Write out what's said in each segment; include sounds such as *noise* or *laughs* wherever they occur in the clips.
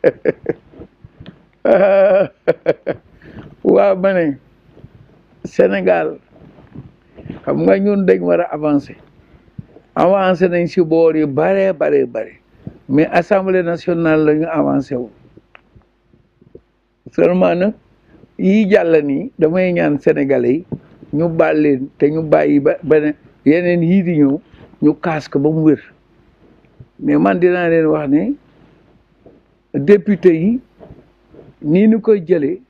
*laughs* waaw ma ne Sénégal xam nga ñun dañ war a avancer avancé nañ si boor yu bare bare bare mais assemblée nationale la ñu avancé wu seulement nag yii jàll nii damay ñaan sénégalais yi ñu baal leen ñu bàyyi ba yeneen yii di ñëw ñu kaas ko ba mu wér mais man dinaa leen wax ni député yi nii nu koy jëlee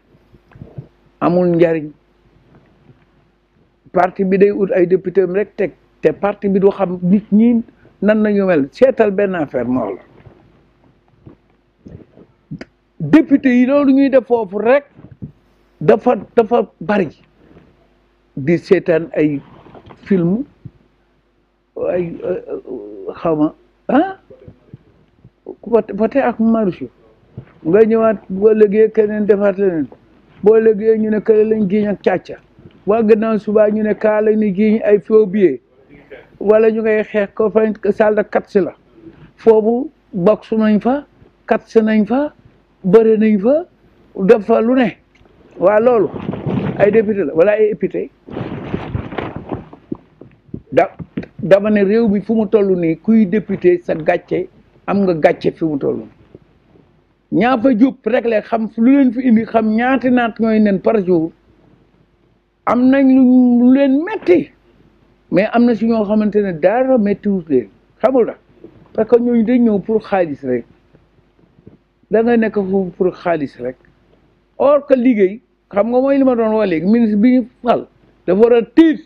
amul njariñ parti bi dey ut ay député rekk teg te parti bi du xam nit ñi nan nañu mel seetal benn affaire moo la député yi loolu ñuy def foofu rekk dafa dafa bari di seetaan ay film ay euh, euh, xawma ah voté ak marché nga ñëwaat boo lëgee keneen defaat leneen boo lëgee ñu ne kële lañ giiñ ak càcca waa gannaaw subaa ñu ne kaa ni giiñ ay faux billets wala ñu ngay xeex ko fa salle de la foofu boksu nañ fa kat nañ fa bëri nañ fa def fa ne waa loolu ay député la wala ay député da dama ne réew mi fu mu toll nii kuy député sa gàcce am nga gàcce fi mu toll ñaa fa jub rek la xam lu leen fi indi xam ñaati naat ñooy nen par jour am nañ lu leen metti mais am na si ñoo xamante ne dara méttiwut leen xamul la parce que ñooñu dañ ñëw pour xaalis rek da nekk foofu pour xaalis rek or que liggéey xam nga mooy li ma doon wax léegi ministre bi fal dafa war a tiit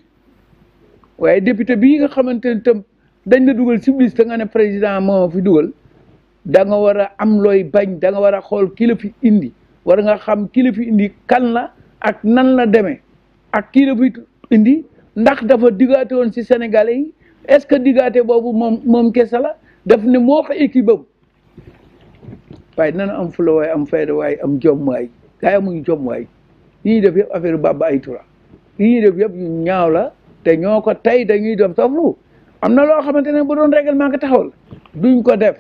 waaye député bii nga xamante tam dañ la dugal si ta nga ne président moo fi dugal da nga war a am looy bañ da nga war a xool kilo fi indi war nga xam ki fi indi kan la ak nan la demee ak kii la fi indi ndax dafa diggaate woon si Sénégalais yi est-ce que diggaate boobu moom moom kese la daf ne moo ko équipe am waaye nana am fula waaye am fayda waaye am jom waay gaa yi amuñu jom waay yëpp affaire Baba Ay Touré yi ñuy def yëpp ñu ñaaw la te ñoo ko da ñuy dem toflu am na loo xamante ne bu doon règlement nga taxawal duñ ko def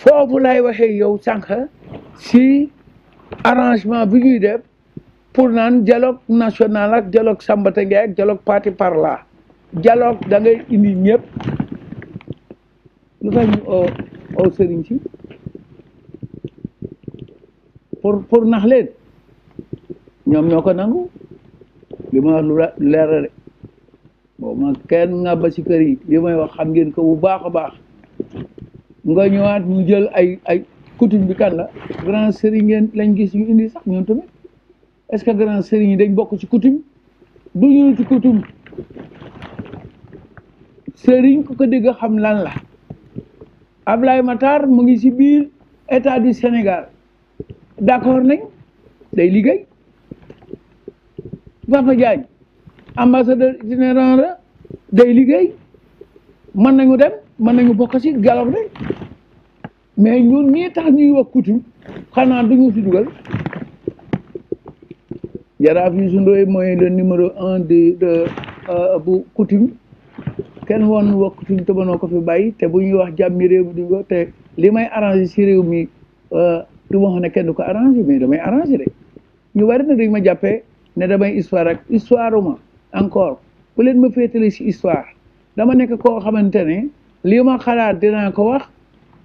foofu lay waxee yow sànq si arrangement bi ñuy def pour naan dialogue national ak dialogue Sambata Ndiaye ak dialogue parti par là dialogue da ngay indi lu tax ñu oo oo sëriñ pour pour nax leen ñoom ñoo ko nangu lu ma wax lu leer boobu ma kenn nga si kër yi li may wax xam ngeen ko bu baax a baax nga ñëwaat mu jël ay ay coutume bi kan la grand sëriñ lañ gis ñu indi sax ñun tamit est-ce que grand sëriñ yi dañ bokk ci coutume du ñu ci coutume sëriñ ku ko dégg xam lan la Ablaye Matar mu ngi si biir état du Sénégal d'accord nañ day liggéey Papa Diagne ambassadeur itinérant la day liggéey mën nañu dem mën nañu bokk ci dialogue bi mais ñun ñii tax ñuy wax coutume xanaa duñu si dugal jaraaf Youssou Ndoye mooy le numéro un de euh, bu coutume kenn woon wax coutume te mënoo ko fi bàyyi te bu ñuy wax jàmmi réew mi duñ te li may arrangé si réew mi euh, du ma wax ne kenn du ko arrangé mais damay arrangé rek ñu bari na dañ ma jàppee ne damay histoire ak histoire ma encore bu leen ma féetale ci histoire dama nekk koo xamante ne lii ma xalaat dinaa ko wax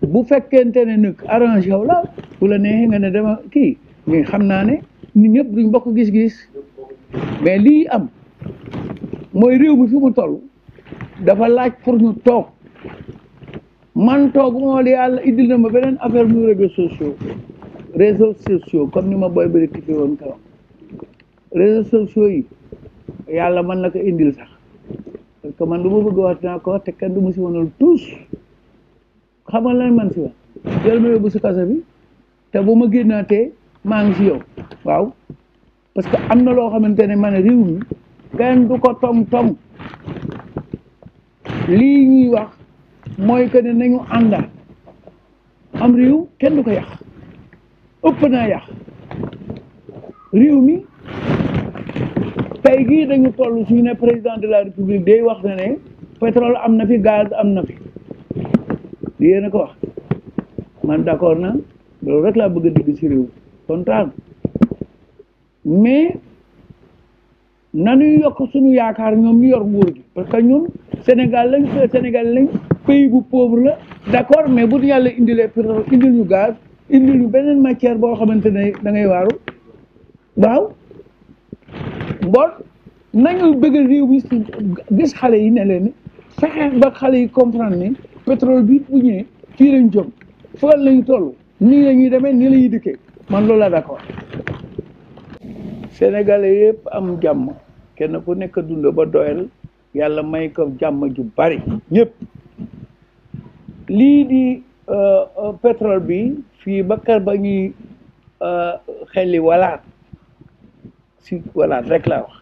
bu fekkente ne nag arrangé wu la bu la neexee nga ne dama kii nga xam naa ne nit ñëpp duñ bokk gis-gis mais lii am mooy réew mi fi mu toll dafa laaj pour ñu toog man toog moo li àll indil na ma beneen affaire muy réseaux sociaux réseaux sociaux comme ni ma boy bi rectifié woon kaw sociaux yi yàlla mën na ko indil sax parce que man lu ma bëgg a wax naa ko te kenn du ma si wanal tous xam na lan man si wax jël ma yóbbu si kaso bi te bu ma génnaatee maa ngi si yow waaw parce que am na loo xamante ne man réew mi kenn du ko tong tong lii ñuy wax mooy que ne nañu àndaat am riw kenn du ko yàq ëpp naa yàq réew mi tey jii dañu toll suñu ne président de la république day wax na ne pétrole am na fi gaz am na fi yéen a ko wax man d'accord na loolu rek laa bëgg a si réew réew kontaan mais na nañu yokk suñu yaakaar ñoom ñu yor nguur gi parce que ñun Sénégal lañ Sénégal lañ pays bu pauvre la d'accord mais bu yàlla indilee pétrole indil ñu gaz indil ñu beneen matière boo xamante ne da ngay waaru waaw bon nañu bëgg réew mi gis xale yi ne leen fexe ba xale yi comprendre ni pétrole bi bu ñëwee fii lañ jëm fëgal lañ toll nii la ñuy demee nii la ñuy dikkee man loolu la d'accord Sénégalais yëpp am jàmm kenn ku nekk dund ba doyal yàlla may ko jàmm ju bari ñëpp lii di euh, euh, pétrole bi fii ba ba ñuy euh, xelli walaat si voilà rek laa wax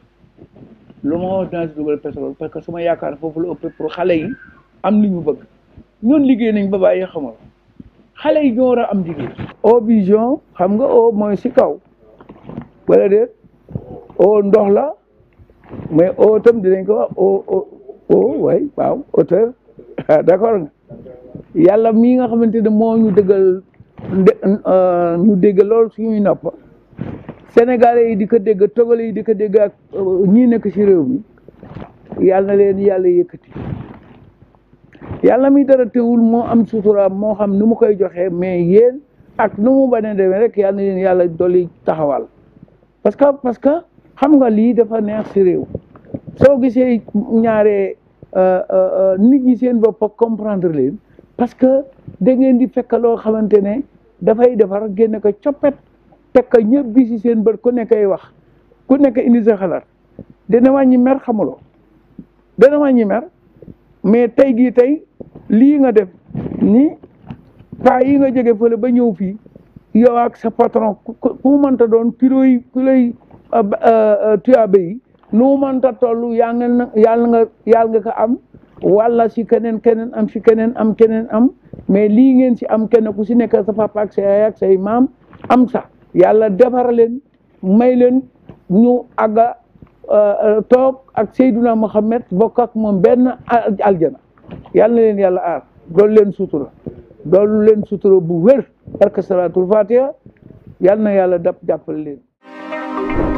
wax dinaa si dugal pétrole parce que sama yaakaar foofu la ëppee pour xale yi am li ñu bëgg ñoon liggéey nañ ba bàyyi xamal xale yi ñoo war a am liggéey. eau xam nga eau mooy si kaw wala déet eau ndox la mais eau itam dinañ ko wax eau eau eau waay waaw auteur *laughs* d'accord nga yàlla mii nga xamante ne moo ñu dëggal euh, ñu dégg lool suñuy nopp. sénégalais yi di ko dégg togale yi di ko dégg ak euh, ñii nekk ci réew mi yàlla na leen yàlla yëkkati yàlla mi dara teewul moo am suturaam moo xam ni mu koy joxee mais yéen ak nu mu banee demee rek yàlla na leen yàlla dolli taxawal parce que parce que xam nga lii dafa neex ci réew soo gisee ñaare euh, euh, nit ñi seen bopp comprendre leen parce que da di fekk loo xamante ne dafay defar génne ko coppet fekk ñepp bi ci seen bër ku nekk ay wax ku nekk indi sa xalaat dana wañi mer xamulo dana wañi mer mais tay gi tay li nga def ni paa yi nga jóge fële ba ñëw fi yow ak sa patron ku mënta doon kilo yi kilo yi ah, ah, ah, tuabe yi nu mënta tollu ya nga yàlla nga yàlla nga ko am wala si kenen kenen am si kenen am kenen am mais li ngeen si am kenn ku ci nekk sa papa ak sa yaay ak sa imam am sa yàlla defar leen may leen ñu àgga euh, euh, toog ak Seyduna Muhammad bokk moom benn aljana yàlla leen yàlla aar dool leen sutura dool leen suturo bu wër barka salaatul fatiha yàlla na yàlla dab jàppal leen